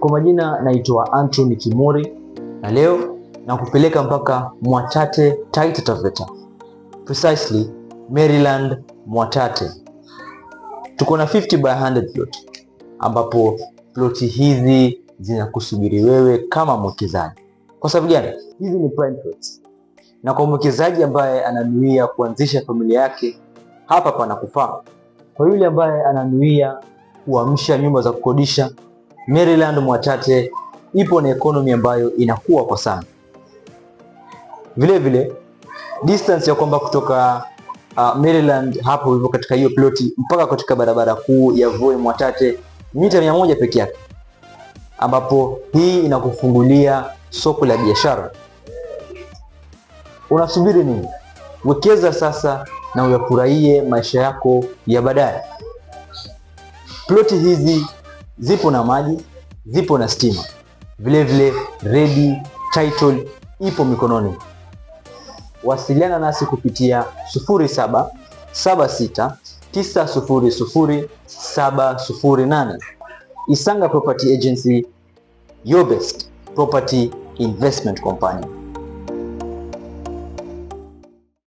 Kwa majina naitwa Anthony Kimori na leo nakupeleka mpaka Mwatate Taita Taveta, precisely Maryland Mwatate. Tuko na 50 by 100 plot ambapo ploti hizi zinakusubiri wewe kama mwekezaji. Kwa sababu gani? Hizi ni prime plots, na kwa mwekezaji ambaye ananuia kuanzisha familia yake hapa pana kufaa Kwa yule ambaye ananuia kuamsha nyumba za kukodisha Maryland mwachache ipo na economy ambayo inakuwa kwa sana. Vile vile distance ya kwamba kutoka uh, Maryland hapo hivyo katika hiyo ploti mpaka katika barabara kuu ya Voi Mwatate mita 100 peke yake, ambapo hii inakufungulia soko la biashara. Unasubiri nini? Wekeza sasa na uyafurahie maisha yako ya baadaye. Ploti hizi zipo na maji, zipo na stima, vilevile redi title ipo mikononi. Wasiliana nasi kupitia 0776900708 Isanga Property Agency, your best property investment company.